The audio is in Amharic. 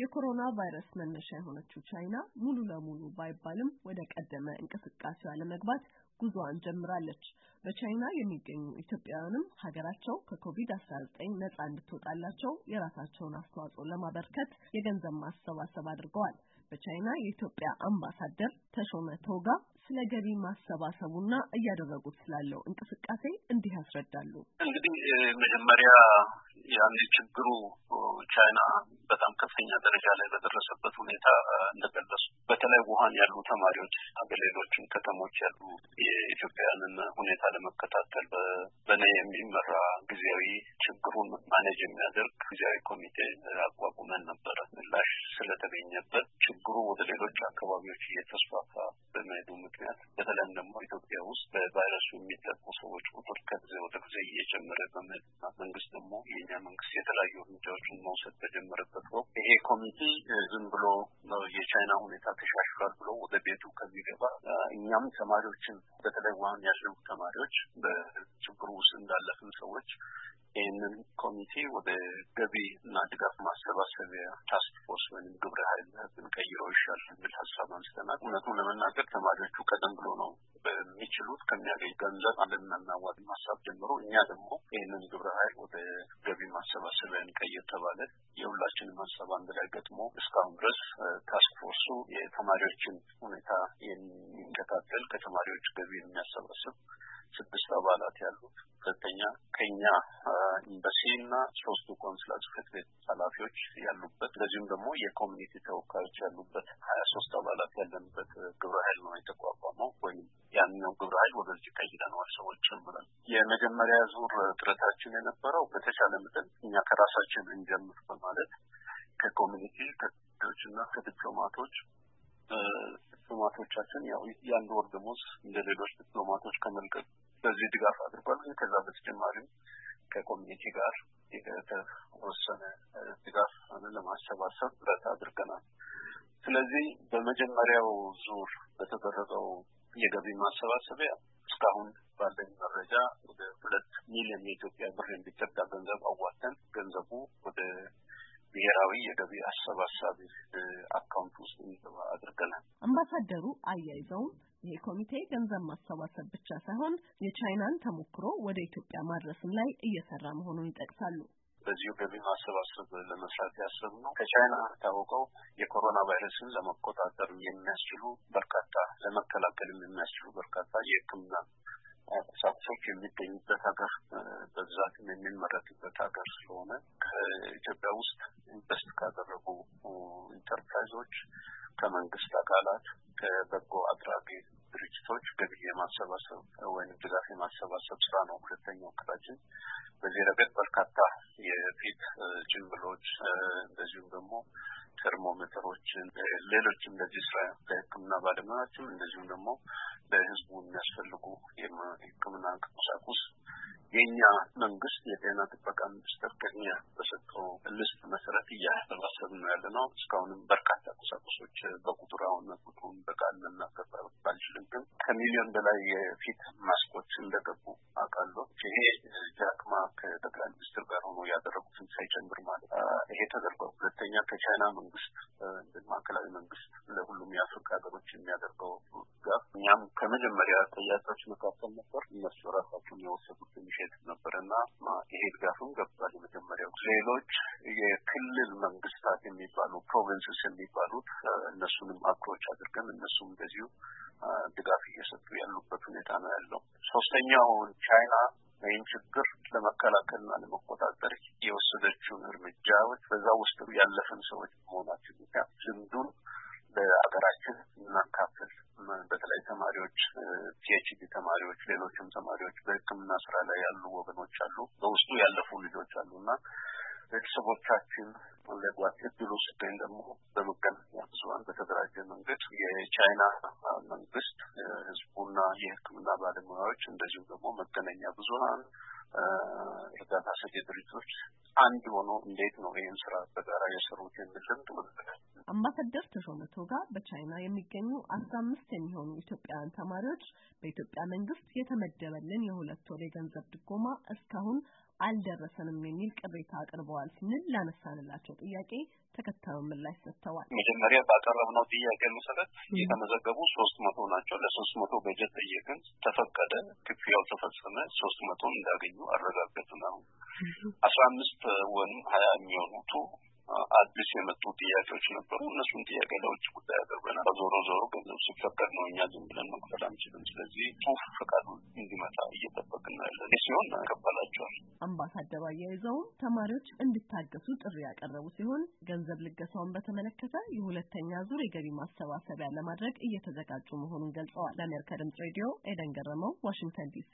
የኮሮና ቫይረስ መነሻ የሆነችው ቻይና ሙሉ ለሙሉ ባይባልም ወደ ቀደመ እንቅስቃሴዋ ለመግባት ጉዞዋን ጀምራለች። በቻይና የሚገኙ ኢትዮጵያውያንም ሀገራቸው ከኮቪድ-19 ነጻ እንድትወጣላቸው የራሳቸውን አስተዋጽኦ ለማበርከት የገንዘብ ማሰባሰብ አድርገዋል። በቻይና የኢትዮጵያ አምባሳደር ተሾመ ቶጋ ስለ ገቢ ማሰባሰቡና እያደረጉት ስላለው እንቅስቃሴ እንዲህ ያስረዳሉ። እንግዲህ መጀመሪያ የአንድ ችግሩ ቻይና በጣም ከፍተኛ ደረጃ ላይ በደረሰበት ሁኔታ እንደገለጹ በተለይ ውሃን ያሉ ተማሪዎች በሌሎችም ከተሞች ያሉ የኢትዮጵያውያንን ሁኔታ ለመከታተል በነ የሚመራ ጊዜያዊ ችግሩን ማኔጅ የሚያደርግ ጊዜያዊ ኮሚቴ አቋቁመን ነበረ። ምላሽ ስለተገኘበት ችግሩ ወደ ሌሎች አካባቢዎች እየተስፋፋ በመሄዱ ምክንያት በተለይም ደግሞ ኢትዮጵያ ውስጥ በቫይረሱ የሚጠቁ ሰዎች ቁጥር ከጊዜ ወደ ጊዜ እየጨመረ በመሄዱና መንግስት ደግሞ የኛ መንግስት የተለያዩ እርምጃዎችን መውሰድ በጀመረበት ወቅት ይሄ ኮሚቴ ዝም ብሎ የቻይና ሁኔታ ተሻሽሏል ብሎ ወደ ቤቱ ከሚገባ እኛም ተማሪዎችን በተለይ ዋን ያለው ተማሪዎች በችግሩ ውስጥ እንዳለፍን ሰዎች ይህንን ኮሚቴ ወደ ገቢ እና ድጋፍ ማሰባሰቢያ ታስክ ፎርስ ወይም ግብረ ኃይል ብንቀይረው ይሻል የሚል ሀሳብ አንስተናል። እውነቱን ለመናገር ተማሪዎቹ ቀደም ብሎ ነው በሚችሉት ከሚያገኝ ገንዘብ አለምናናዋድ ማሳብ ጀምሮ እኛ ደግሞ ይህንን ግብረ ኃይል ወደ ገቢ ማሰባሰቢያ እንቀይር ተባለ። የሁላችንም ሀሳብ አንድ ላይ ገጥሞ እስካሁን ድረስ ታስክ ፎርሱ የተማሪዎችን ሁኔታ የሚከታተል ከተማሪዎች ገቢ የሚያሰባስብ ስድስት አባላት ያሉት ሁለተኛ ከኛ ኤምባሲ እና ሶስቱ ቆንስላ ጽሕፈት ቤት ኃላፊዎች ያሉበት እንደዚሁም ደግሞ የኮሚኒቲ ተወካዮች ያሉበት ሀያ ሶስት አባላት ያለንበት ግብረ ኃይል ነው የተቋቋመው ወይም ያንኛው ግብረ ኃይል ወደዚህ ቀይረነዋል ሰዎችን ብለን የመጀመሪያ ዙር ጥረታችን የነበረው በተቻለ መጠን እኛ ከራሳችን እንጀምር በማለት ከኮሚኒቲ ከድርጅቶች እና ከዲፕሎማቶች ዲፕሎማቶቻችን ያው የአንድ ወር ደሞዝ እንደ ሌሎች ዲፕሎማቶች ከመልቀቅ በዚህ ድጋፍ አድርጓል። ግን ከዛ በተጨማሪም ከኮሚኒቲ ጋር የተወሰነ ድጋፍ ለማሰባሰብ ጥረት አድርገናል። ስለዚህ በመጀመሪያው ዙር በተደረገው የገቢ ማሰባሰቢያ እስካሁን ባለኝ መረጃ ወደ ሁለት ሚሊዮን የኢትዮጵያ ብር የሚጠጋ ገንዘብ አዋተን ገንዘቡ ወደ ብሔራዊ የገቢ አሰባሳቢ አካውንት ውስጥ እንዲገባ አድርገናል። አምባሳደሩ አያይዘውም ይህ ኮሚቴ ገንዘብ ማሰባሰብ ብቻ ሳይሆን የቻይናን ተሞክሮ ወደ ኢትዮጵያ ማድረስም ላይ እየሰራ መሆኑን ይጠቅሳሉ። በዚሁ ገቢ ማሰባሰብ ለመስራት ያሰብነው ከቻይና ታወቀው የኮሮና ቫይረስን ለመቆጣጠር የሚያስችሉ በርካታ ለመከላከልም የሚያስችሉ በርካታ የሕክምና ቁሳቁሶች የሚገኙበት ሀገር በብዛትም የሚመረትበት ሀገር ስለሆነ ከኢትዮጵያ ውስጥ ኢንቨስት ካደረጉ ኢንተርፕራይዞች፣ ከመንግስት አካላት፣ ከበጎ አድራጊ ሰዎች ገቢ የማሰባሰብ ወይም ድጋፍ የማሰባሰብ ስራ ነው ሁለተኛው ክፍላችን። በዚህ ረገድ በርካታ የፊት ጭንብሎች እንደዚሁም ደግሞ ተርሞሜተሮችን፣ ሌሎችም እንደዚህ ስራ በሕክምና ባለሙያዎችም እንደዚሁም ደግሞ ለህዝቡ የሚያስፈልጉ የህክምና ቁሳቁስ የእኛ መንግስት የጤና ጥበቃ ሚኒስቴር ቅድሚያ በሰጠው ልስት መሰረት እያሰባሰብ ነው ያለ ነው። እስካሁንም በርካታ ቁሶች በቁጥር አሁን ቁጥሩን በቃል መናገር ባልችልም፣ ግን ከሚሊዮን በላይ የፊት ማስኮች እንደገቡ አውቃለሁ። ይሄ ጃክማ ከጠቅላይ ሚኒስትር ጋር ሆኖ ያደረጉትን ሳይጨምር ማለት ይሄ ተደርጓል። ሁለተኛ ከቻይና መንግስት ማዕከላዊ መንግስት ለሁሉም የአፍሪካ ሀገሮች የሚያደርገው ጋር እኛም ከመጀመሪያ ጥያቄዎች መካከል ነበር። ሲሄድ ነበርና ይሄ ድጋፍም ገብቷል። የመጀመሪያው ሌሎች የክልል መንግስታት የሚባሉ ፕሮቪንስስ የሚባሉት እነሱንም አክሮች አድርገን እነሱም እንደዚሁ ድጋፍ እየሰጡ ያሉበት ሁኔታ ነው ያለው። ሶስተኛው ቻይና ይህን ችግር ለመከላከልና ለመቆጣጠር የወሰደችውን እርምጃዎች በዛ ውስጥ ያለፍን ሰዎች መሆናችን ልምዱን ለሀገራችን እናካፍል። በተለይ ተማሪዎች፣ ፒኤችዲ ተማሪዎች፣ ሌሎችም ተማሪዎች በሕክምና ስራ ላይ ያሉ ወገኖች አሉ፣ በውስጡ ያለፉ ልጆች አሉ እና ቤተሰቦቻችን ለጓት እድሉ ስገኝ ደግሞ በመገናኛ ብዙኃን በተደራጀ መንገድ የቻይና መንግስት ህዝቡና የህክምና ባለሙያዎች እንደዚሁም ደግሞ መገናኛ ብዙሃን እርዳታ ሰጪ ድርጅቶች አንድ ሆኖ እንዴት ነው ይህን ስራ በጋራ የሰሩት የሚል ልምድ አምባሳደር ተሾመ ቶጋ በቻይና የሚገኙ አስራ አምስት የሚሆኑ ኢትዮጵያውያን ተማሪዎች በኢትዮጵያ መንግስት የተመደበልን የሁለት ወር የገንዘብ ድጎማ እስካሁን አልደረሰንም የሚል ቅሬታ አቅርበዋል ስንል ላነሳንላቸው ጥያቄ ተከታዩን ምላሽ ሰጥተዋል። መጀመሪያ ባቀረብነው ጥያቄ መሰረት የተመዘገቡ ሶስት መቶ ናቸው። ለሶስት መቶ በጀት ጠየቅን፣ ተፈቀደ፣ ክፍያው ተፈጸመ። ሶስት መቶን እንዳገኙ አረጋገጥ ነው። አስራ አምስት ወይም ሀያ የሚሆኑቱ አዲስ የመጡ ጥያቄዎች ነበሩ። እነሱን ጥያቄ ለውጭ ጉዳይ አቅርበናል። ዞሮ ዞሮ ገንዘብ ሲፈቀድ ነው፣ እኛ ዝም ብለን መክፈል አንችልም። ስለዚህ ጽሁፍ ፈቃዱ እንዲመጣ እየጠበቅን ነው ያለን ሲሆን ያቀበላቸዋል። አምባሳደር አያይዘውም ተማሪዎች እንዲታገሱ ጥሪ ያቀረቡ ሲሆን ገንዘብ ልገሳውን በተመለከተ የሁለተኛ ዙር የገቢ ማሰባሰቢያ ለማድረግ እየተዘጋጁ መሆኑን ገልጸዋል። ለአሜሪካ ድምጽ ሬዲዮ ኤደን ገረመው፣ ዋሽንግተን ዲሲ